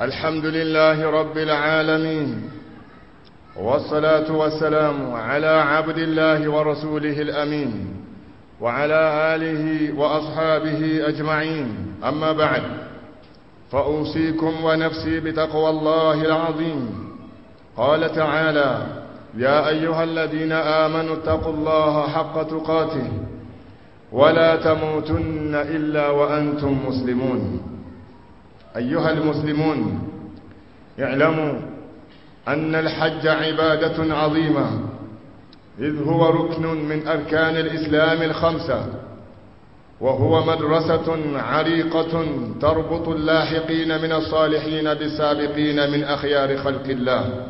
الحمد لله رب العالمين والصلاة والسلام على عبد الله ورسوله الأمين وعلى آله وأصحابه أجمعين أما بعد فأوصيكم ونفسي بتقوى الله العظيم قال تعالى يا أيها الذين آمنوا اتقوا الله حق تقاته ولا تموتن إلا وأنتم مسلمون أيها المسلمون اعلموا أن الحج عبادة عظيمة إذ هو ركن من أركان الإسلام الخمسة وهو مدرسة عريقة تربط اللاحقين من الصالحين بالسابقين من أخيار خلق الله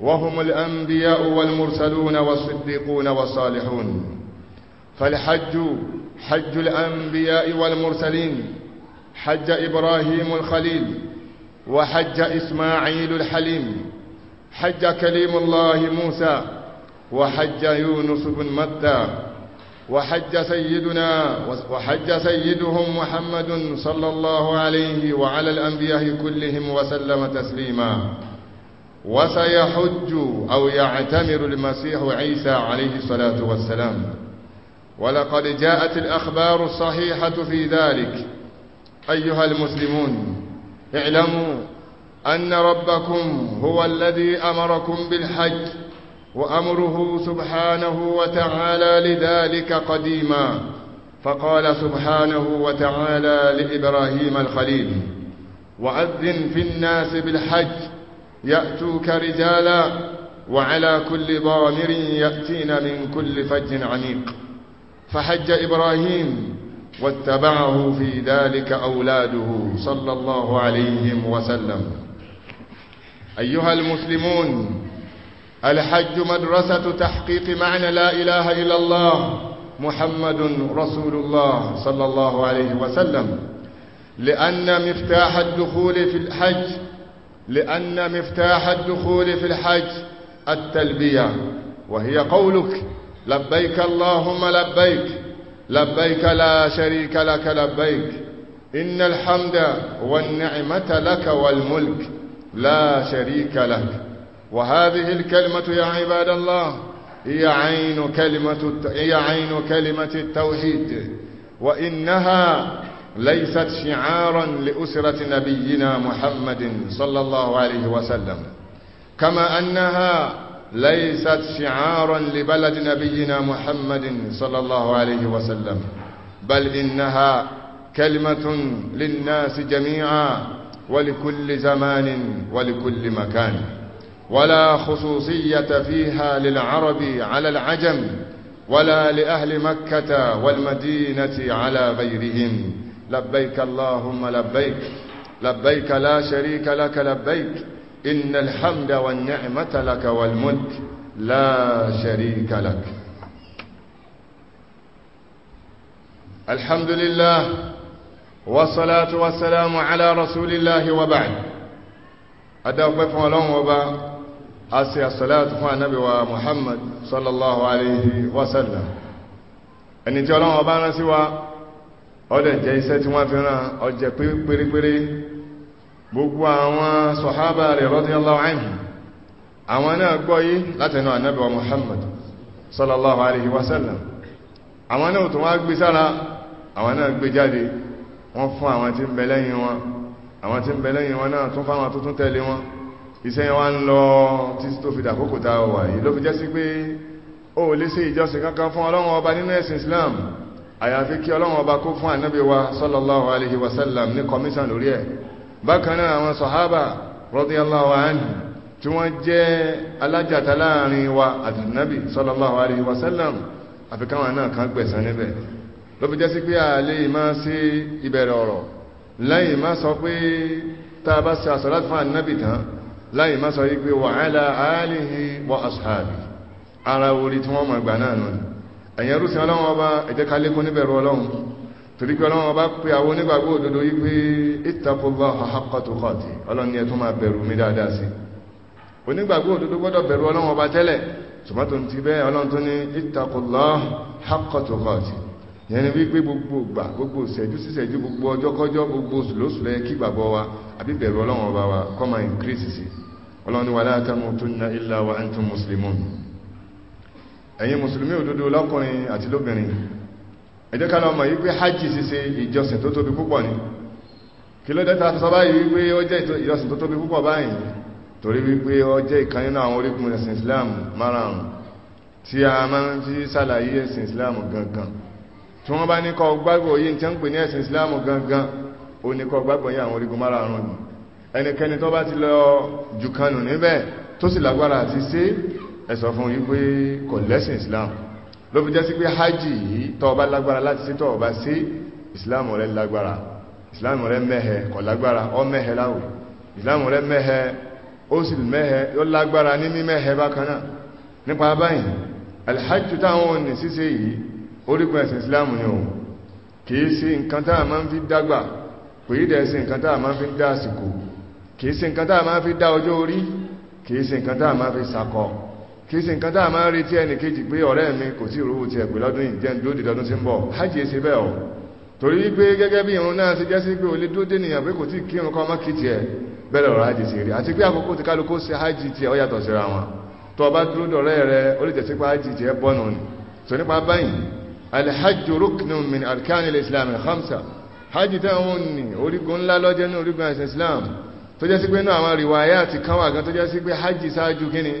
وهم الأنبياء والمرسلون والصديقون والصالحون فالحج حج الأنبياء والمرسلين حج إبراهيم الخليل وحج إسماعيل الحليم حج كليم الله موسى وحج يونس بن متى وحج سيدنا وحج سيدهم محمد صلى الله عليه وعلى الأنبياء كلهم وسلم تسليما وسيحج أو يعتمر المسيح عيسى عليه الصلاة والسلام ولقد جاءت الأخبار الصحيحة في ذلك أيها المسلمون اعلموا أن ربكم هو الذي أمركم بالحج وأمره سبحانه وتعالى لذلك قديما فقال سبحانه وتعالى لإبراهيم الخليل وأذن في الناس بالحج يأتوك رجالا وعلى كل ضامر يأتين من كل فج عميق فحج إبراهيم واتبعه في ذلك أولاده صلى الله عليه وسلم أيها المسلمون الحج مدرسة تحقيق معنى لا إله إلا الله محمد رسول الله صلى الله عليه وسلم لأن مفتاح الدخول في الحج لأن مفتاح الدخول في الحج التلبية وهي قولك لبيك اللهم لبيك لبيك لا شريك لك لبيك إن الحمد والنعمة لك والملك لا شريك لك وهذه الكلمة يا عباد الله هي عين كلمة هي عين كلمة التوحيد وإنها ليست شعارا لأسرة نبينا محمد صلى الله عليه وسلم كما أنها ليست شعارا لبلد نبينا محمد صلى الله عليه وسلم بل إنها كلمة للناس جميعا ولكل زمان ولكل مكان ولا خصوصية فيها للعرب على العجم ولا لأهل مكة والمدينة على غيرهم لبيك اللهم لبيك لبيك لا شريك لك لبيك إن الحمد والنعمة لك والملك لا شريك لك الحمد لله والصلاة والسلام على رسول الله وبعد أدوك فعلهم وبا أسي الصلاة فالنبي محمد صلى الله عليه وسلم أن جعلهم وبا نسوا أولا جيسة وفنا أولا جيسة gbogbo àwọn sọ̀hábà rẹ̀ radiyallahu anhu àwọn náà gbọ́yí látẹnu ànábì wa Muhammad sallallahu alaihi wasallam àwọn náà tó wá gbé sára àwọn náà gbé jáde wọ́n fún àwọn tí ń bẹ wọn àwọn tí ń bẹ wọn náà tún fáwọn tó tún wọn iṣẹ́ wa lọ títí tó fi dàkókò tá wà yìí ló fi jẹ́ sí pé ó lè ṣe ìjọsìn kankan fún ọlọ́run ọba nínú ẹ̀sìn Islam àyàfi kí ọlọ́run ọba kó fún ànábì wa sallallahu ní kọmíṣàn lórí ẹ̀ bákanáà àwọn sọ̀hábà radiyallahu anhu tí wọ́n jẹ́ alájàta láàrin wa àdìnàbì sallallahu alaihi wasallam àfikáwọn náà kan gbẹ̀sán níbẹ̀ ló fi jẹ́ sí pé ààlè máa sí ìbẹ̀rẹ̀ ọ̀rọ̀ láyìn máa sọ pé tá ọlọ́run ọba ẹ̀jẹ̀ níbẹ̀rù ọlọ́run torí pé ọlọ́run bá pé àwọn onígbàgbọ́ òdodo yí pé ìtàkùnbà àhàkọ́tùkọ́tì ọlọ́run ni ẹ tó máa bẹ̀rù mi dáadáa sí onígbàgbọ́ òdodo gbọ́dọ̀ bẹ̀rù ọlọ́run ọba tẹ́lẹ̀ tòmátò ti bẹ́ ọlọ́run tó ní ìtàkùnlá àhàkọ́tùkọ́tì yẹn ni wípé gbogbo gbà gbogbo ṣẹ́jú síṣẹ́jú gbogbo ọjọ́kọ́jọ́ gbogbo sùlọ́sùlẹ̀ kí gbàgbọ́ wa àbí bẹ̀rù ọlọ́run ọba wa kó máa increase ẹjẹ́ ká lọ́mọ̀ yí pé hajji ṣíṣe ìjọsìn tó tóbi púpọ̀ ni kí ló dẹ́ta sọ báyìí wípé ó jẹ́ ìjọsìn tó tóbi púpọ̀ báyìí torí wípé ó jẹ́ ìkan nínú àwọn orígun ẹ̀sìn Islam márùn-ún tí a máa ń fi sàlàyé ẹ̀sìn Islam gangan tí wọ́n bá ní kó gbàgbọ́ yí tí ń pè ní ẹ̀sìn Islam gangan ó ní kó gbàgbọ́ yí àwọn orígun márùn-ún ni ẹnikẹ́ni tó bá ti lọ jù kanù níbẹ̀ tó sì lágbára àti sí ẹ̀sọ̀ fún wípé kò lẹ́sìn Islam ló fi jẹ́ sí pé hajj yìí tó bá lágbára láti sí tó bá sí ìsìláàmù rẹ̀ lágbára ìsìláàmù rẹ̀ mẹ́hẹ kò lágbára ọ mẹ́hẹ láwẹ̀ ìsìláàmù rẹ̀ mẹ́hẹ ó sì mẹ́hẹ ó lágbára ní mímẹ́hẹ bákanáà nípa báyìí alhajj táwọn òní ṣíṣe yìí orígun ẹ̀sìn ìsìláàmù ni òun kìí sí nǹkan táà máa ń fi dágbà kìí dẹ̀ sí nǹkan táà máa ń fi dá àsìkò kìí sí nǹkan táà máa ń fi dá ọjọ́ orí kìí sí nǹkan táà máa ń fi sakọ kìí ṣe nǹkan dáa máa ń retí ẹnì kejì pé ọ̀rẹ́ mi kò sí ìrówó ti ẹ̀pẹ̀ lọ́dún yìí jẹun dúró dídọ́dún sí ń bọ̀ hajj ṣe bẹ́ẹ̀ ọ̀ torí wípé gẹ́gẹ́ bí irun náà ṣe jẹ́ sí pé olè dúró dénìyàn pé kò tí kí irun kọ́ ọmọ kìí tiẹ̀ bẹ́ẹ̀ lọ́rọ̀ hajj ṣe rí àti pé àkókò ti kálukó ṣe hajj tiẹ̀ ó yàtọ̀ síra wọn tó bá dúró dọ̀rẹ́ rẹ ó lè jẹ́ sí pé hajj tiẹ̀ bọ́nù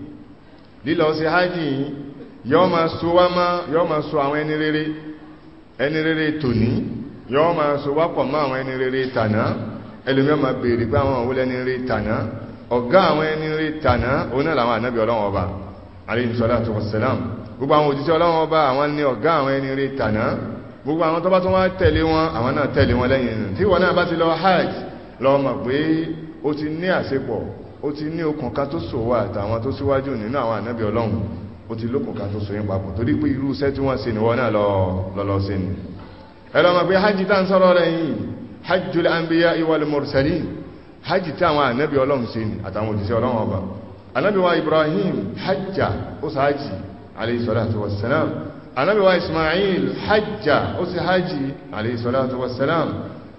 lílọ sí hajj yìí yọ́ ma so wá má yọ́ ma so àwọn ẹni rere ẹni rere tòní yọ́ ma so wá pọ̀ mọ́ àwọn ẹni rere tàná ẹlòmíọ́ ma béèrè pé àwọn òwúlẹ̀ ẹni rere tàná ọ̀gá àwọn ẹni rere tàná òun náà làwọn ànábì ọlọ́wọ́n ọba alayhi salatu wassalam gbogbo àwọn òjíṣẹ́ ọlọ́wọ́n ọba àwọn ní ọ̀gá àwọn ẹni rere tàná gbogbo àwọn tó bá tó wá tẹ̀lé wọn àwọn náà tẹ̀lé wọn lẹ́yìn tí wọn náà bá ti lọ hajj lọ́ọ́ mọ̀ pé ó ti ní àṣepọ̀ ó ti ní okùn ká tó so wá àtàwọn tó síwájú nínú àwọn ànábì ọlọ́run ó ti lókùn ká tó so yín papọ̀ torí pé irú iṣẹ́ tí wọ́n ṣe ni wọ́n náà lọ́lọ́ ṣe ni ẹlọ́mọ̀ pé hajji tá ń sọ́rọ̀ rẹ̀ yìí hajjul anbiya iwal mursalin hajji tí àwọn ànábì ọlọ́run ṣe ni àtàwọn òjíṣẹ́ ọlọ́run ọba ànábì wa ibrahim hajja ó sì hajji alayhi salatu wassalam ànábì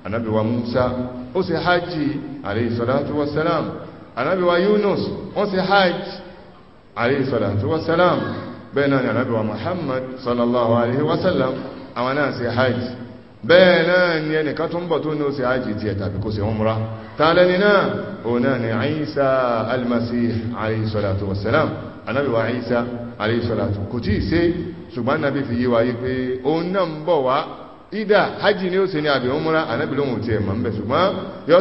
ànábì wa musa ó sì hajji alayhi salatu wassalam ànábì wa Yunus wọ́n ṣe hajj alayhi salatu wa salam bẹ́ẹ̀ náà ni ànábì wa Muhammad sallallahu alayhi wa sallam àwọn náà ṣe hajj bẹ́ẹ̀ náà ni ẹnìkan tó ń bọ̀ tó ní ó ṣe hajj tí ẹ̀ tàbí kó ṣe umra tààlẹ́ni náà òun náà ni Isa al-Masih ìdá hajji ni ó ṣe ní àbí umra anábìlóhun ti ẹ̀mọ̀ mẹ́ ṣùgbọ́n yóò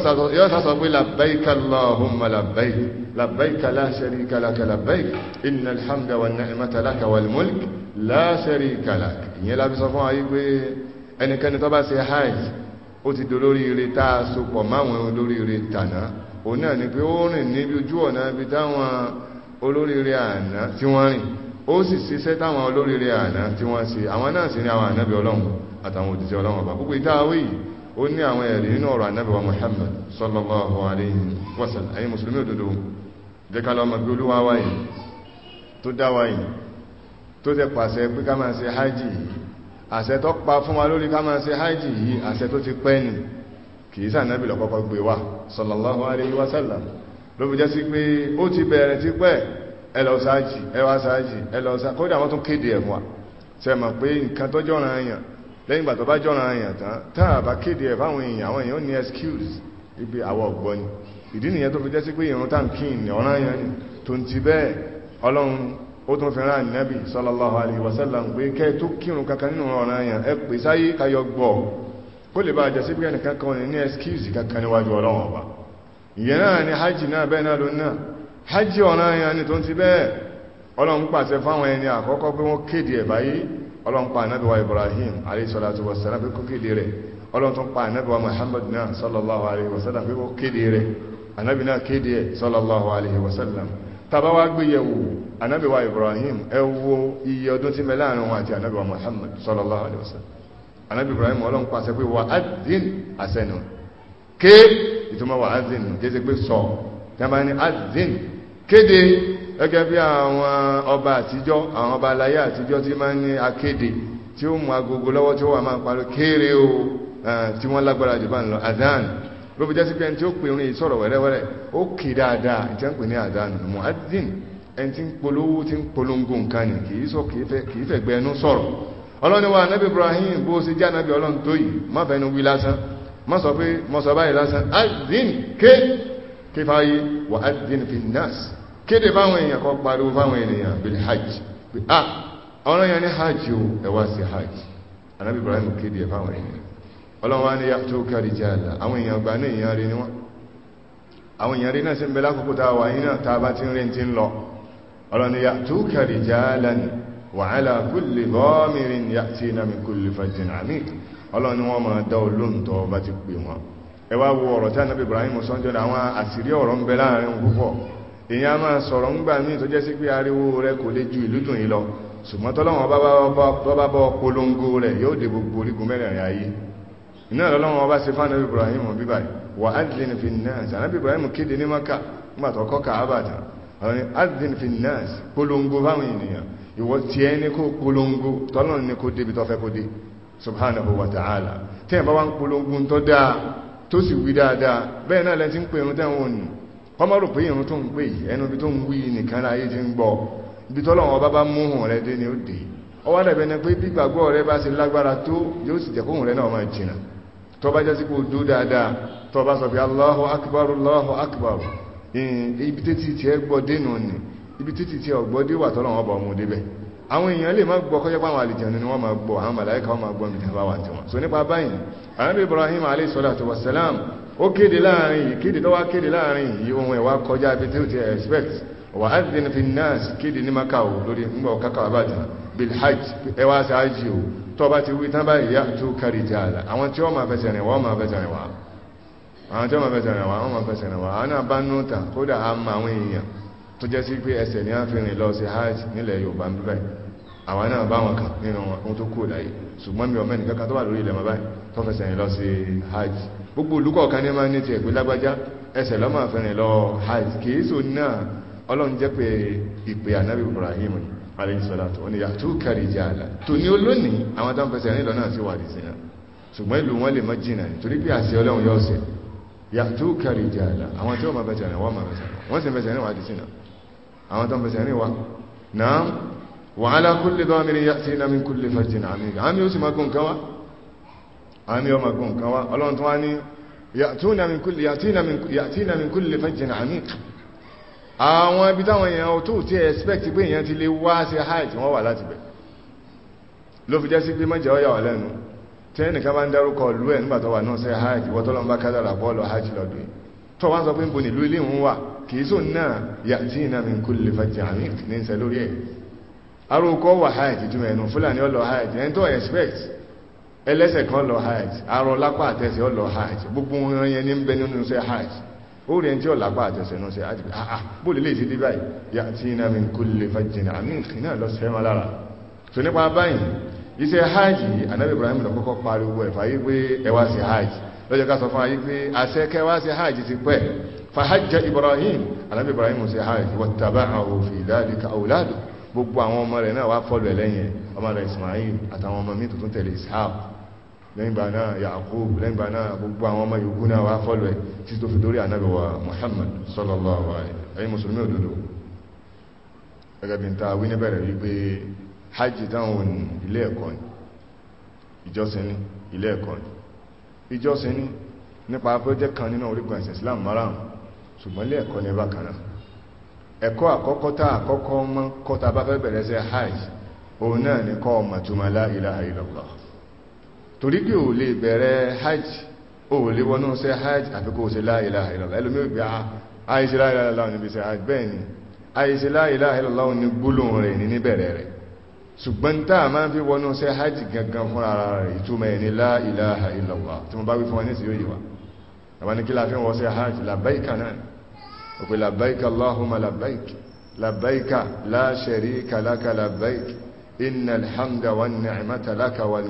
sásọ pé labbaika allahumma labbaik labbaika la sharika laka labbaik innal hamda wan ni'mata laka wal mulk la sharika laka ìyẹn lábí sọ fún ayé pé ẹnikẹ́ni tó bá ṣe hajj ó ti dolórí ire tá a so pọ̀ máwọn olórí ire tànà òun náà ni pé ó rìn níbi ojú ọ̀nà ibi táwọn olórí ire àná tí wọ́n rìn ó sì ṣiṣẹ́ táwọn olórí ire àná tí wọ́n ṣe àwọn náà sì ní àwọn ànábì ọlọ́run àtàwọn òjíṣẹ́ ọlọ́wọ̀n bá gbogbo ìdáwé yìí ó ní àwọn ẹ̀rí nínú ọ̀rọ̀ Ànábì wa Muhammad sallallahu alayhi wa sallam ẹ̀yin mùsùlùmí òdodo jẹ́ ká lọ mọ̀ bí Olúwa wa yìí tó dá wa yìí tó tẹ pàṣẹ pé ká máa ṣe hájì àṣẹ tó pa fún wa lórí ká máa ṣe hájì yìí àṣẹ tó ti pẹ́ ni kìí sànábì ló gbé wa sallallahu alayhi wa lẹ́yìn ìgbà tó bá jọ́ra àyàn tán tá bá kéde ẹ̀ fáwọn èèyàn àwọn èèyàn ní excuse ibi àwọ̀ ọ̀gbọ́n ni ìdí nìyẹn tó fi jẹ́ sí pé tán kí ní ọ̀rán àyàn ni tó ti bẹ́ẹ̀ ọlọ́run ó tún fi rán nábì pé kẹ́ tó kírun kankan nínú ọ̀rán àyàn ẹ pè sáyé kayọ gbọ́ kó lè bá jẹ́ sí pé ẹnìkan kan ní excuse kankan níwájú ọlọ́run hajj náà bẹ́ẹ̀ náà náà hajj ọ̀rán àyàn ni tó ti bẹ́ẹ̀ ọlọ́run pàṣẹ ọlọ́npa anábíwa ibrahim aléṣọ́láti wọ̀sánà pé kó kéde rẹ̀ ọlọ́ntúnpa anábíwa muhammad náà sallallahu alaihi wasallam pé kó kéde rẹ̀ anábí náà kéde ẹ̀ sallallahu alaihi wasallam tàbáwá gbéyẹ̀wò anábíwa ibrahim ẹ wo iye ọdún tí mẹ́lá àrùn àti anábíwa muhammad sallallahu alaihi wasallam anábí ibrahim ọlọ́npa sẹ pé wà á dín àsẹnu ké ìtumọ̀ gẹ́gẹ́ bí àwọn ọba àtijọ́ àwọn ọba aláyé àtijọ́ tí máa ń ní akéde tí ó mú agogo lọ́wọ́ tí ó wà máa parí kéré o tí wọ́n lágbára jù bá ń lọ adán ló fi jẹ́sí pé ẹni tí ó pè orin ìsọ̀rọ̀ wẹ́rẹ́wẹ́rẹ́ ó kì dáadáa ìtẹ́ ń pè ní adán muaddin ẹni tí ń polówó tí ń polongo nǹkan ni kì í sọ kì í fẹ̀gbẹ́ ẹnu sọ̀rọ̀ ọlọ́ni wa anábì Ibrahim bó ṣe jẹ́ anábì ọlọ́run tó yìí má fẹ́nu wí lásán má sọ pé mọ́sọ̀ báyìí lásán adín ké kéfàáyé wà adín fi nas kéde báwọn èèyàn kọ́ pariwo báwọn ènìyàn bil hajj pé ah ọ̀rọ̀ yẹn ní hajj o ẹ wá sí hajj anábì Ibrahim kéde ẹ̀ fáwọn ènìyàn ọlọ́run wá ní yá tó kárí jẹ́ àlà àwọn èèyàn gbà ní èèyàn rí níwọ̀n àwọn èèyàn rí náà sí mbẹ́lá kòkó ta wà yínà ta bá ti rí ti ń lọ ọlọ́run yá tó kárí jẹ́ àlà ní wàhálà kúlè bọ́mìrin yá tí iná mi kúlè fàjìn àmì ọlọ́run wọn máa dá olóhùn bá ti pè wọn ẹ wo ọ̀rọ̀ tí anábì Ibrahim sọ́njọ́ àwọn àṣírí ọ̀rọ̀ ń bẹ púpọ̀ èyàn máa sọ̀rọ̀ ń gbà ní ìtọ́jẹ́ sí pé ariwo rẹ kò lè ju ìlú dùn yìí lọ ṣùgbọ́n tọ́lọ́wọ́n bá bọ́ polongo rẹ̀ yóò dé subhanahu wa ta'ala tẹ́yìn bá wá ń polongo tó dáa tó sì wí dáadáa bẹ́ẹ̀ náà lẹ́ ń pè ẹ̀rùn tẹ́wọ̀n ònù kọmọ rò pé ìrun tó ń pè ẹnu ibi tó ń wí nìkan láyé ti ń gbọ́ ibi tọ́lọ́wọ́n bá bá mú hùn rẹ dé ni ó dé ọ wá dẹ̀bẹ̀ ni pé gbígbàgbọ́ rẹ bá ṣe lágbára tó yóò sì jẹ́ kóhùn rẹ náà máa jìnà tó bá jẹ́ sí kó dó dáadáa tó bá sọ pé Allahu Akbar Allahu Akbar ibi títí tí ẹ gbọ́ dénú ni ibi títí tí ọgbọ́ dé wà tọ́lọ́wọ́n bá mú débẹ̀ àwọn èèyàn lè má gbọ́ kọ́jọ́ pàwọn àlìjẹ̀nu ni wọ́n máa gbọ́ àwọn màláíkà wọ́n máa gbọ́ mi tí wọ́n bá wà tí so nípa báyìí Ànábì Ibrahim alayhi salatu wassalam ó kéde láàrin yìí kéde kidi kéde láàrin yìí ohun ẹ̀wà kọjá bí tí ó ti expect wà á fi nas kéde ní Makau lórí ńgbọ̀ kakawa bil hajj ẹwà sí hajj o tó ti wí tán báyìí yá tó kárí ti àlà àwọn tí wọ́n máa fẹsẹ̀ rìn wọ́n máa fẹsẹ̀ rìn ta kódà á èèyàn tó jẹ́ sí pé ẹsẹ̀ ní àfihàn hajj nílẹ̀ Yorùbá ń bíbẹ̀ àwọn náà bá wọn kàn nínú wọn tó kú ṣùgbọ́n mi tó wà lórí gbogbo olùkọ̀ọ̀kan ní ma ní ti ẹ̀gbẹ́ lágbájá ẹsẹ̀ lọ́mọ àfẹ́rìn lọ hajj kìíso náà ọlọ́run jẹ́ pé ìpè ànábì Ibrahim aleyhisalatu wọn ni yàtú kàrí jẹ́ àlà tò ní olónìí àwọn tó ń fẹsẹ̀ nílọ náà sí wàdí sínú ṣùgbọ́n ìlú wọn lè má jìnà nítorí pé àṣẹ ọlọ́run yóò ṣe yàtú kàrí jẹ́ àlà àwọn tí máa fẹsẹ̀ wọ́n máa fẹsẹ̀ wọ́n sì fẹsẹ̀ ní wàdí sínú àwọn tó ń fẹsẹ̀ ní wa náà wàhálà kúlẹ̀ bá mi rí yàtí nàmi kúlẹ̀ fàjìnà àmì àmì ó sì máa gùn káwá àmì ọmọ gùn nǹkan wá ọlọ́run tó wá ní yàtínà min kulli fajjin amiq àwọn ibi táwọn èèyàn tó ti expect pé èèyàn ti lè wá sí hajj wọ́n wà láti bẹ̀ ló fi jẹ́ sí pé mọ́jẹ́ ọyà wà lẹ́nu tẹ́nìkan bá ń dárúkọ lú ẹ̀ nígbàtọ̀ wà náà sẹ́ hajj wọ́tọ́lọ́n bá kádàrà bọ́ọ̀lù hajj lọ́dún tó wá sọ pé ń bo nílùú ilé expect ẹlẹ́sẹ̀ kan lọ hajj arọ lápá àtẹsẹ̀ ọlọ hajj gbogbo wọn yẹn ní ń bẹ nínú iṣẹ́ hajj ó rí ẹn tí ọ̀lápá àtẹsẹ̀ náà ṣe àti àà ah, ah, bó lè lè ṣe dé báyìí yà tí iná mi kú lè fàjìnà àmì ìkìnà lọ sẹ́wọ́n lára tó nípa báyìí iṣẹ́ hajj anábì Ibrahim lọ kọ́kọ́ pariwo ẹ̀fà yí pé ẹwà sí hajj lọ́jọ́ ká sọ fún ayé pé àṣẹ kẹwàá sí hajj ti pẹ́ fahajja Ibrahim anábì Ibrahim ṣe hajj wattaba'ahu fi dhalika awladu gbogbo àwọn ọmọ rẹ̀ náà wá fọ́lù ẹ̀lẹ́yìn ọmọ rẹ̀ Ismail àtàwọn ọmọ mi tuntun tẹ̀lé Ishaq lẹ́yìnbà náà Yaqub lẹ́yìnbà náà gbogbo àwọn ọmọ yòókù náà wá fọ́lù ẹ̀ tí tó fi dórí ànábẹ̀wà Muhammad sallallahu alaihi ẹ̀yin mùsùlùmí òdodo gẹ́gẹ́ bí n ta wí níbẹ̀rẹ̀ wípé hajj táwọn ilé ẹ̀kọ́ ni ìjọsìn ní ilé ẹ̀kọ́ ni ìjọsìn ní nípa project kan nínú orígun ẹ̀sìn Islam márùn ṣùgbọ́n ilé ẹ̀kọ́ ní bákanáà àkọ́kọ́ tá àkọ́kọ́ mọ́ kọ́ta bá fẹ́ bẹ̀rẹ̀ sí hajj òun náà ni kọ́ ọmọ túnmọ̀ la ilaha illallah torí pé ò lè bẹ̀rẹ̀ hajj ò lè wọnú sí hajj àfikò sí la ilaha illallah ẹlòmí ò gbé àìsí ah, la ilaha illallah níbi sí hajj bẹ́ẹ̀ ni àìsí la ilaha illallah ní gbólóhùn rẹ̀ ní níbẹ̀rẹ̀ rẹ̀ ṣùgbọ́n tá a máa fi wọnú sí hajj gangan fún ara rẹ̀ ìtumọ̀ ẹni la ilaha illallah tí mo bá wí fún wọn ní sí yóò yíwa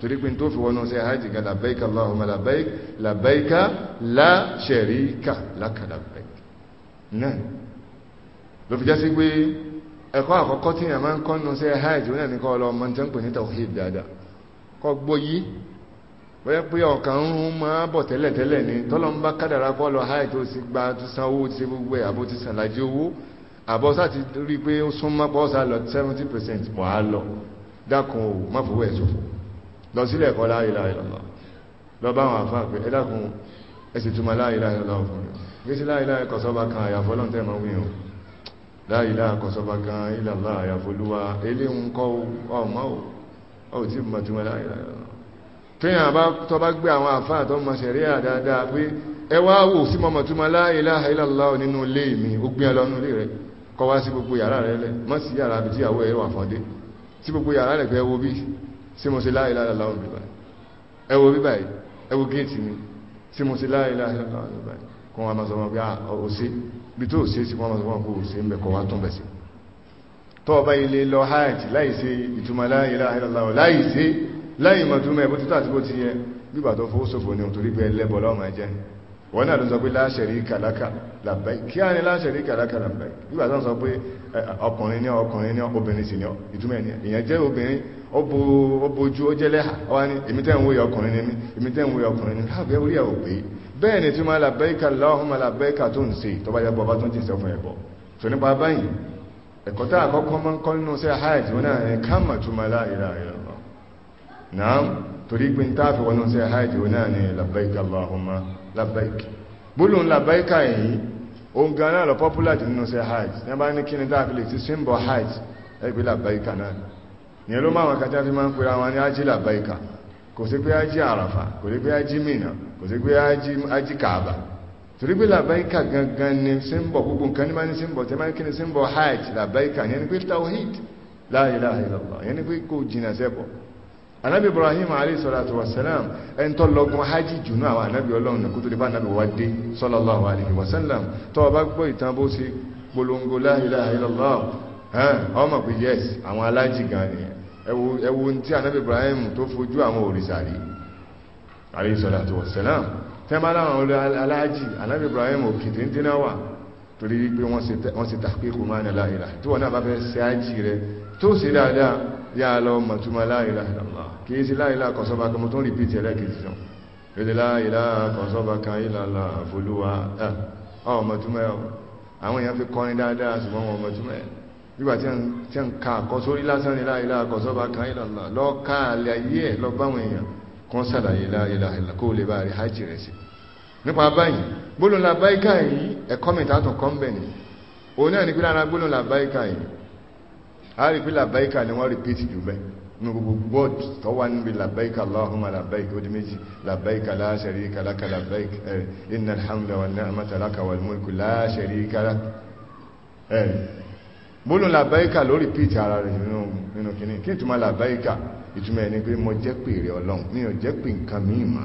torí pé tó fi wọnú sí hajji ga labbaika Allahumma labbaik labbaika la sharika laka labbaik náà ló fi já sí pé ẹ̀kọ́ àkọ́kọ́ tí a máa ń kọ́nù sí hajji ó náà ní kọ́ ọlọ́mọ tí ó ń pè ní tawhid dáadáa kọ́ gbọ́ yìí bóyá pé ọ̀kan ń máa bọ̀ tẹ́lẹ̀tẹ́lẹ̀ ni tọ́lọ́ ń bá kádàrá kọ́ lọ hajji tó sì gba tó san owó ti gbogbo ẹ̀ àbó ti sàlàjì owó àbọ̀ sá ti rí pé ó súnmọ́ pọ́ sá lọ 70% wàá lọ dákun ò má fowó ẹ̀ ṣòfò lọ sílẹ̀ ẹ̀kọ́ la ilaha illallah lọ bá wọn àfáà pé ẹ̀dàkùn ẹsì túnmọ̀ la ilaha illallah fún mi gẹ́sí la ilaha kọ̀sọ́bà kan àyàfọ́lọ́n tẹ́ mọ́ wíyàn la ilaha kọ̀sọ́bà kan illallah àyàfọ́lúwa ilé ń kọ́ ọmọ ò tí mọ̀ túnmọ̀ la ilaha illallah fíyàn bá tọ́ bá gbé àwọn àfáà tó mọ̀ sẹ̀rí àdáadáa pé ẹ wá wò sí mọ̀mọ̀ túnmọ̀ la ilaha illallah nínú ilé mi ó gbé ọlọ́nú ilé rẹ̀ kọ́ wá sí gbogbo yàrá rẹ̀ lẹ̀ mọ́ sí yàrá bí tíyàwó ẹ̀ wà fọ́ndé sí gbogbo yàrá rẹ̀ fẹ́ wo bí sí mo sí láìláìláìláwọn bíbá ẹwọ bíbá yìí ẹwọ géètì mi sí mo sí láìláìláìláwọn bíbá yìí kún wa máa sọ ah, wọn pé ó sí bí tó sí sí wọ́n máa sọ wọn kó sí ń bẹ̀kọ̀ wá tún bẹ̀ sí tọ́ ọba ilé lọ hajj láì sí ìtumọ̀ láìláìláìláwọn láì sí láì mọ̀túnmọ̀ ẹ̀bọ́ títà tí ó ti yẹ bíbà tó fowó ṣòfò ní wọ́n náà ló sọ pé la sharika laka kí á ní la sharika laka labbaik bíbà tó sọ pé ọkùnrin ní ọkùnrin ní obìnrin sì ní ìtumọ̀ ìyẹn jẹ́ obìnrin ó bojú ó ni lẹ́hà wá ní èmi tẹ́ ń wòye ọkùnrin ni mí èmi tẹ́ ń wòye ọkùnrin ni mí láàbẹ̀ orí ẹ̀ pé bẹ́ẹ̀ ni tí ó máa làbẹ́ìkà láhùnmá làbẹ́ìkà tó ń ṣe tó bá yàgbọ́ tó ń jìnṣẹ́ fún ẹ̀bọ̀ tó nípa báyìí ẹ̀kọ́ tá àkọ́kọ́ mọ́ kọ́ nínú sí hajj wọn náà la ilaha illallah náà torí pé tá àfi wọnú sí hajj wọn ni làbẹ́ìkà láhùnmá làbẹ́ìkà búlùn làbẹ́ìkà yìí òun gan náà lọ pọ́pùlà jù nínú sí hajj ní a ní kí ni tá àfi lè ti símbọ̀ hajj ẹgbẹ́ làbẹ́ìkà náà ní ẹlọ́mà àwọn kàtà fi máa ń pèrà wọn ní ájí làbáìkà kò sí pé ájí àràfà kò sí pé ájí mìnà kò sí pé ájí kààbà torí pé làbáìkà gangan ni símbọ̀ gbogbo nǹkan ní máa ní símbọ̀ tẹ́ máa kí ni símbọ̀ hajj làbáìkà yẹn ni pé tawhid la ilaha illallah yẹn ni pé kò jìnà sẹ́bọ̀ anábì ibrahim alayhi salatu wasalam ẹn tó lọ́gbọ́n hajj jùnú àwọn anábì ọlọ́run ní kútó nípa anábì yes àwọn alájì gan ẹwu tí anábì Ibrahim tó fojú àwọn òrìṣà rí alayhi salatu wassalam tẹ́mọ́lá àwọn aláàjì anábì Ibrahim òkè tíntínà wà torí wípé wọ́n ṣe tàkíkù máa ní la ilaha tí wọ́n náà bá fẹ́ ṣe ájì rẹ tó ṣe dáadáa yá lọ mọ̀túnmá la ilaha illallah kìí sí la ilaha kọsọ́bà kan mo tún rìpítì ẹlẹ́kìtì náà èdè la ilaha kọsọ́bà kan ìlàlá folúwa ọmọtúnmẹ́ àwọn èèyàn fi kọrin dáadáa ṣùgbọ́n wọn ọmọtúnmẹ́ nígbà tí ń ka àkọsórí lásán ilá ilá àkọsọ́bà kan ìlànà lọ ká alẹ́ ayé ẹ̀ lọ báwọn èèyàn kan sàlàyé ilá ilá ilá kó lè bá rí hajj rẹ̀ sí nípa báyìí gbólóhùn làbáyíká yìí ẹ̀kọ́ mẹ́ta tó kọ́ ń bẹ̀ ni òun náà ní pé lára gbólóhùn làbáyíká yìí a rí pé làbáyíká ni wọ́n rìpíìtì jù bẹ́ẹ̀ ní gbogbo bọ́ọ̀d tó wà níbi làbáyíká Allahumma làbáyíká ó di méjì bólú làbáyíkà lórí pìtì ara rẹ̀ nínú kìíní kí ìtumọ̀ làbáyíkà ìtumọ̀ ẹni pé mo jẹ́ pè rẹ̀ ọlọ́run mi ò jẹ́ pè nǹkan míì mà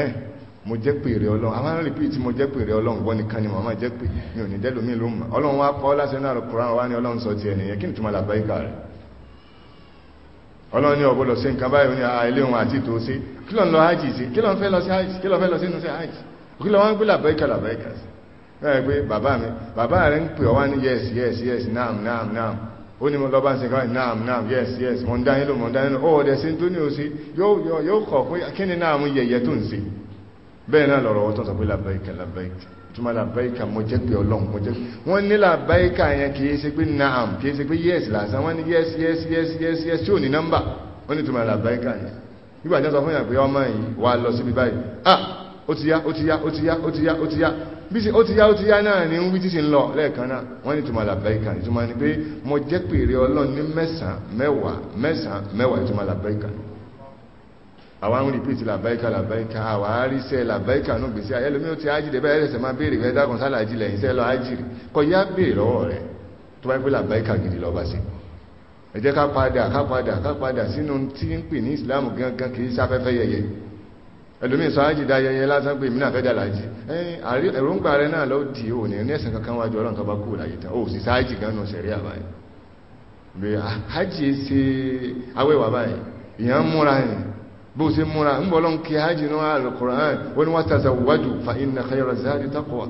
ẹ́ mo jẹ́ pè rẹ̀ ọlọ́run àwọn ará rìpí tí mo jẹ́ pè rẹ̀ ọlọ́run wọ́n nìkan ni màmá jẹ́ pè mi ò ní jẹ́ lómi lómi ọlọ́run wá pa ọ́ láti ẹnu àrùn wá ní ọlọ́run sọ ti ẹ̀ kí ni ìtumọ̀ làbáyíkà rẹ̀ ọlọ́run ní ọ̀gbọ́dọ̀ sí nǹkan báyìí ní ilé ah, wọn àti ìtò sí kí lọ́n lọ hajj sí kí lọ́n fẹ́ lọ sí hajj bẹ́ẹ̀ pé bàbá mi bàbá rẹ̀ ń pè ọ wá ní yes yes yes naam naam naam ó ní lọ́bá sí káwàá naam naam yes yes mọ̀ dánilò mọ̀ dánilò ó ọ̀dẹ̀ sí tó ní òsí yóò kọ̀ pé kí ni náà mú yẹ̀yẹ̀ tó ń sí bẹ́ẹ̀ náà lọ́rọ̀ ọ̀tọ̀ sọ pé làbáìkà làbáìkà túnmà làbáìkà mọ́ jẹ́ pé ọlọ́run mọ́ jẹ́ wọ́n ní làbáìkà yẹn kìí ṣe pé naam kìí ṣe pé yes lásán wọ́n ní yes yes yes yes yes tí ò ní nọ́mbà wọ́n ní túnmà làbáìkà yẹn nígbà tí wọ́n sọ fún yàn pé ọmọ yìí wà lọ síbi báyìí ah ó ti yá ó ti yá ó ti yá ó ti yá ó ti yá bí ṣe ó ti yá ó ti yá náà ní wí tí ṣe ń lọ lẹ́ẹ̀kan náà wọ́n ní ìtumọ̀ làbẹ́ríkà ìtumọ̀ ni pé mo jẹ́ pèrè ọlọ́run ní mẹ́sàn mẹ́wàá mẹ́sàn mẹ́wàá ìtumọ̀ làbẹ́ríkà àwọn ń rìpíìtì làbáríkà làbáríkà àwọn àríṣẹ́ làbáríkà náà gbèsè ayẹ́lómi ó ti ájìdẹ̀ bẹ́ẹ̀ ẹ̀rẹ̀sẹ̀ máa béèrè rẹ̀ dákùn sálàájì lẹ́yìn sẹ́lọ ájìrì kọ yá béèrè lọ́wọ́ rẹ̀ tó bá pẹ́ làbáríkà gidi lọ́ba sí ẹ jẹ́ ká padà ká padà ká padà sínú tí ń pè ní ìsìláàmù gangan kì í sáfẹ́fẹ́ yẹyẹ ẹlòmí ìsáájì dáyẹyẹ lásán pé ìmìnà fẹ́ dàlájì ẹ̀yìn ẹ̀rùngbà rẹ náà lọ dì ò ní ní ẹ̀sìn kankan wájú ọlọ́run tó bá kú láyé tán ó sì sáájì gánà sẹ̀rí àbáyé bí hajj e ṣe awẹ́wà báyìí ìyàn múra yìí bó ṣe múra ń bọ́ lọ́n kí hajj náà alukur'an ó ní watazawwaju fa inna khayra zadi taqwa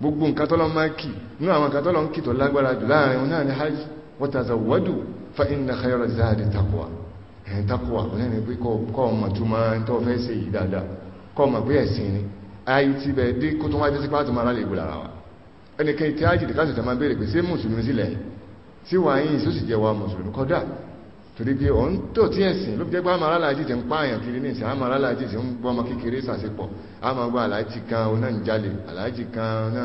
gbogbo nǹkan tọ́lọ́ taqwa ẹ̀ takọwà lẹ́ni pé kọ́ ọmọ tó máa tó fẹ́ ṣe yìí dáadáa kọ́ ọmọ pé ẹ̀sìn ni ayé ti bẹ̀ dé kó tó wá jẹ́ sí pàtó máa lálẹ́ ìgbòlára wa ẹnìkan ìtẹ́ ájì dìkásù tẹ́ máa béèrè pé ṣé mùsùlùmí sílẹ̀ sí wà yìí sí ó sì jẹ́ wa mùsùlùmí kọ́dà torí pé ọ̀n tó tí ẹ̀sìn ló jẹ́ pé àmà aláàjì ti ń pààyàn kiri ní ìsìn àmà aláàjì ti ń gbọ́ ọmọ kékeré sàṣepọ̀ àmà gba aláàjì kan oná ń jalè aláàjì kan oná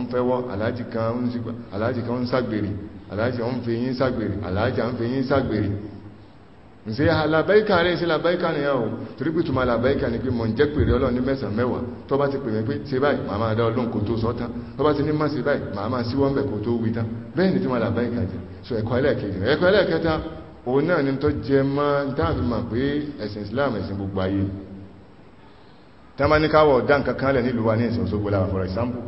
ń fẹ́wọ́ aláàjì kan ń ṣàgbèrè aláàjì kan ń fẹ́yìn ṣàgbèrè aláàjì à ń fẹ́yìn ṣàgbèrè Mm-hmm. ṣe àlàbáìkà rẹ̀ sí làbáìkà ní ẹ̀hùn torípìtù ma làbáìkà ní pé mọ̀ jẹ́ pèrè ọlọ́ ní mẹ́sàn mẹ́wàá tó bá ti pè mẹ́ pé ṣe báyìí ma máa dá ọlọ́n kò tó sọ́tán tó bá ti ní má ṣe báyìí ma máa síwọ́n bẹ̀ kò tó wí tán bẹ́ẹ̀ ni tí ma làbáìkà jẹ́ so ẹ̀kọ́ ẹlẹ́ẹ̀kejì ẹ̀kọ́ ẹlẹ́ẹ̀kẹta òun náà ni tó jẹ mọ́ táàfi pé ẹ̀sìn Islam ẹ̀sìn gbogbo ayé tamanikawọ̀ dá nǹkan kan nílùú wa ní ẹ̀sìn Òṣogbo lára for example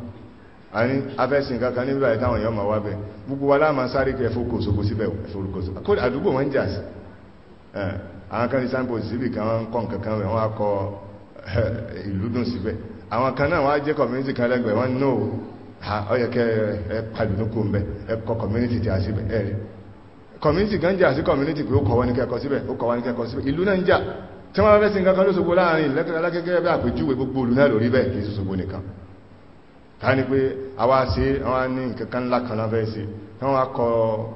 a ní afẹ́sìn kankan níbi àìtáwọn èèyàn ma wá bẹ̀ gbogbo wa láàmà sáré kẹfọ́ kò sókò síbẹ̀ ẹ̀fọ́ olùkọ́sọ́ àdúgbò wọn ń jà sí àwọn kan ní signboard síbì kan wọ́n kọ́ nǹkan kan rẹ̀ wọ́n akọ ìlú dùn síbẹ̀ àwọn kan náà wọ́n á jẹ́ community kan lẹ́gbẹ̀ẹ́ wọ́n no ọyẹ̀kẹ́ ẹ palùnúkú ń bẹ ẹ kọ community tí a síbẹ̀ ẹ rí community kan jà sí community pé ó kọ̀ wọ́n ní kẹ́kọ̀ọ́ síbẹ̀ ó kọ̀ wọ́n ní kẹ́kọ̀ọ́ síbẹ̀ ìlú náà ń jà tí wọ́n rẹ́ sí nǹkan kan ló ṣogbo láàrin lẹ́kẹ́kẹ́ bí àpèjúwe gbogbo olù náà lórí bẹ́ẹ̀ kìí ṣogbo nìkan ká ní pé àwa ṣe àwọn ní nǹkan ńlá kan láfẹ́ sí wọ́n wá kọ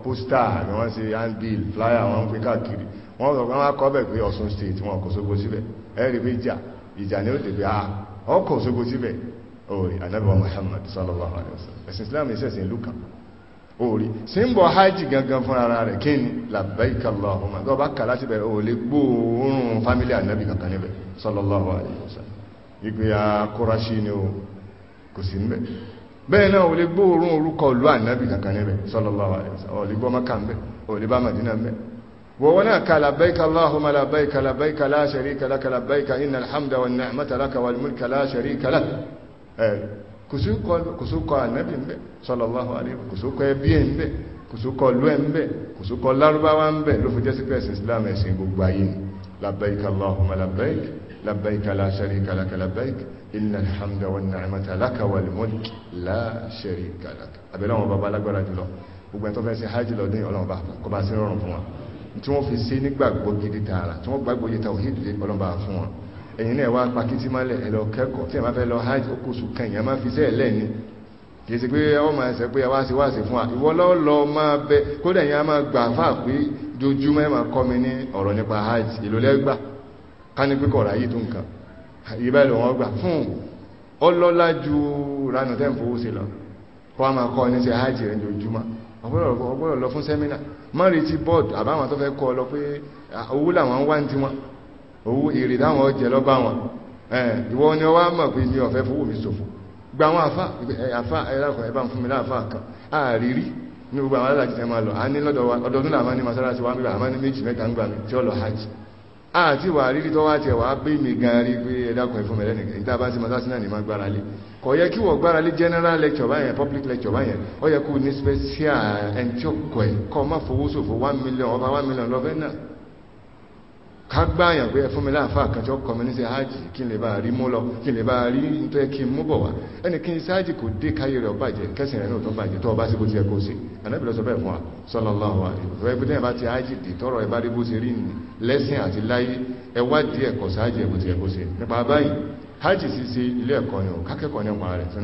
pósítà àbí wọ́n ṣe handbill flyer wọ́n pín káàkiri wọ́n sọ pé wọ́n kọ́ bẹ̀ pé Ọ̀ṣun state wọn kò sógbó síbẹ̀ ẹ̀rí pé ìjà ìjà ni ó dé pé ah, ọ kò síbẹ̀ orí anábíwá Muhammad sallallahu alaihi wasallam ẹ̀sìn Islam ní sẹ́sìn ìlú kan orí símbọ̀ hajj gangan fún ara rẹ̀ kí ni labbaik Allahumma tó bá kà láti bẹ̀rẹ̀ òòlé kankan níbẹ̀ sallallahu alaihi wasallam ìgbé akọ́raṣí ah, ni ó kò sí níbẹ̀ bẹ́ẹ̀ náà òòlé gbóòórùn sallallahu alaihi wasallam òòlé gbọ́mọ́kà níbẹ̀ òòlé bá Madina níbẹ̀ وهو ناك لبيك اللهم لبيك لبيك لا شريك لك لبيك إن الحمد والنعمة لك والملك لا شريك لك kùsùkọ ànẹ́bì ń bẹ sallallahu alaihi kùsùkọ ẹbí ẹ̀ ń bẹ kùsùkọ lú ẹ̀ ń bẹ kùsùkọ lárúbáwá ń bẹ ló fi jẹ́ sí pẹ̀sì islam ẹ̀sìn gbogbo ayé labbaik allahumma labbaik labbaik la sharika laka labbaik innal hamda wan ni'mata laka wal mulk la sharika laka abẹ́lẹ́wọ̀n baba lágbára jùlọ gbogbo ẹ̀ tó fẹ́ sí hajj lọ́dún ọlọ́run bá kó bá sí rọrùn fún wa tí wọ́n fi ṣe nígbàgbọ́ gidi tààrà tí wọ́n gbàgbọ́ yẹta òhìdì lè ọlọ́mbà fún wọn ẹ̀yìn náà wá pakítí mọ́lẹ̀ ẹ̀lọ kẹ́kọ̀ọ́ tí ẹ̀ máa fẹ́ lọ hajj okòsù kan ìyẹn máa fi sẹ́ lẹ́ni kìí sí pé ọwọ́ máa ṣẹ̀ pé wá sí wá sí fún wa ìwọ lọ́lọ́ máa bẹ kódà ìyẹn máa gbà fà pé jojúmọ́ ẹ̀ máa kọ́ mi ní ọ̀rọ̀ nípa hajj ìlú lẹ́gbà ká ní pípọ̀ ráyè tó nǹkan ìbẹ́ lọ gbà fún ọlọ́lá ju ránù tẹ́ ń fowó sí lọ kó a máa kọ́ ní sí hajj rẹ̀ jojúmọ́ ọgbọ́dọ̀ lọ fún sẹ́mínà má retí board àbáwọn tó fẹ́ kọ́ ọ lọ pé owó làwọn ń wá ní tiwọn owó èrè láwọn ọjẹ́ lọ bá wọn ìwọ ni ọwá mọ̀ pé ní ọ̀fẹ́ fowó mi ṣòfò gba àwọn àfá àfá ẹlẹ́kọ̀ọ́ ẹbá ń fún mi láàfá kan ààrírí ní gbogbo àwọn alájẹ́ máa lọ a ní lọ́dọ̀ ọdọọdún làwọn ní masára sí wá ń gbà àmá ní méjì mẹ́ta ń gbà mí tí ó lọ hajj àti wà rírí tó wá tẹ̀ wà bí mi gan rí pé ẹ̀dàkùn ẹ̀fún mẹ́rẹ́ nìkan ìta bá sí mọ́sásí náà ní ma gbára lé kò yẹ kí wọ́n gbára lé general lecture báyẹn public lecture báyẹn ó yẹ kó ní special ẹni tí ẹ̀ kọ́ má fowó ṣòfò one million ọba one million lọ́fẹ́ náà kagbá àyàgbé ẹfún mi láàfá àkànjọ́ kọmínísì hajji kí n lè bá rí mú lọ kí n lè bá rí tó ẹ kí n mú bọ̀ wá ẹni kí n sáájì kò dé káyé rẹ̀ ọbàjẹ́ kẹsìn rẹ̀ náà tó bàjẹ́ tó ọba sí bó ti ẹ kó sí anábìlọ sọ bẹ́ẹ̀ fún wa sallallahu alaihi wa sallam ẹgbẹ́ bá ti hajji dì ni lẹ́sìn àti láyé ẹ wádìí ẹ̀kọ́ ni ò kákẹ́kọ̀ọ́ nípa rẹ̀ sọ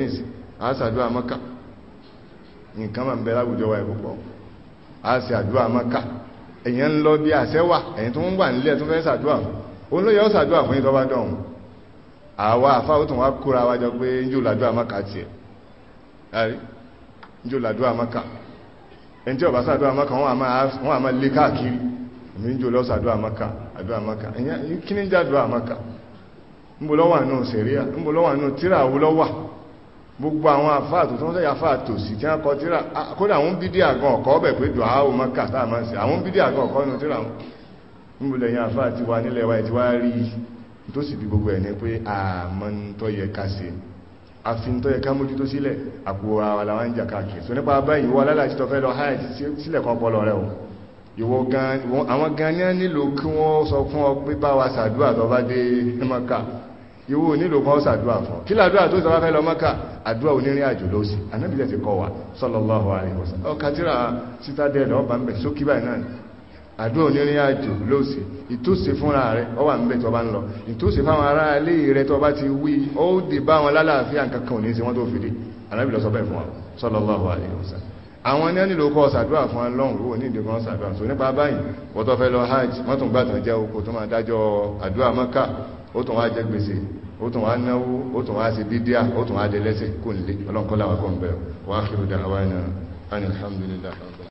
nípa nǹkan máa ń bẹ láwùjọ wa ẹ̀ a ṣe àdúrà mọ́ká èyàn ń lọ bí àṣẹ́wà ẹ̀yìn tó ń wà nílẹ̀ tó fẹ́ ṣàdúrà fún òun ló yọ ṣàdúrà fún ìtọ́bá dọ̀hún àwa àfáwò tó wá kóra wájọ pé yóò làdúrà mọ́ká tiẹ̀ ẹ̀rí yóò làdúrà mọ́ká ẹni tí ọba ṣàdúrà mọ́ká wọ́n àmà lé káàkiri èmi ń jò lọ ṣàdúrà mọ́ká àdúrà mọ́ká ẹ̀yìn kí ní jàdúrà mọ́ká ń bọ́ sẹ̀ríà ń bọ́ lọ́wọ́ àánú gbogbo àwọn àfáàtò tó ń sẹ́yà àfáàtò sí kí wọ́n kọ tíra kódà àwọn bídí àgàn ọ̀kọ́ bẹ̀ pé dùn áhùn mọ́kà tá a máa ṣe àwọn bídí àgàn ọ̀kọ́ nù tíra wọn ń bulẹ̀ yẹn àfáà ti wà nílẹ̀ wa ti wá rí tó sì bí gbogbo ẹ̀ ní pé àmọ́ ń tọ́ yẹ ká ṣe àfi ń tọ́ yẹ ká mójútó sílẹ̀ àpò ara làwọn ń ìwọ nílò kan sàdúà fún kí làdúà tó sára fẹ́ lọ Mẹ́kà àdúà onírin àjò ló sì anábìlẹ̀ ti kọ́ wa sallallahu alaihi wasallam ọkàtíra citadel ọba ń bẹ̀ sókí báyìí náà àdúrà onírin àjò lóòsì ìtòsí fúnra rẹ̀ ọ wà ń bẹ tó bá ń lọ ìtòsí fáwọn ará ilé rẹ̀ tó bá ti sallallahu alaihi wasallam àwọn ní nílò kọ́ ṣàdúrà fún ọlọ́run ó ní ìdí kan ṣàdúrà so nípa báyìí wọ́n tó fẹ́ lọ hajj wọ́n ó tún wá jẹ gbèsè ó tún wá náwó ó tún wá ṣe bídíà ó tún wá dé lẹ́sẹ̀ kò nílé ọlọ́nkọ́lá wa kọ́ ń bẹ̀rẹ̀ wá kí ó dára wáyé náà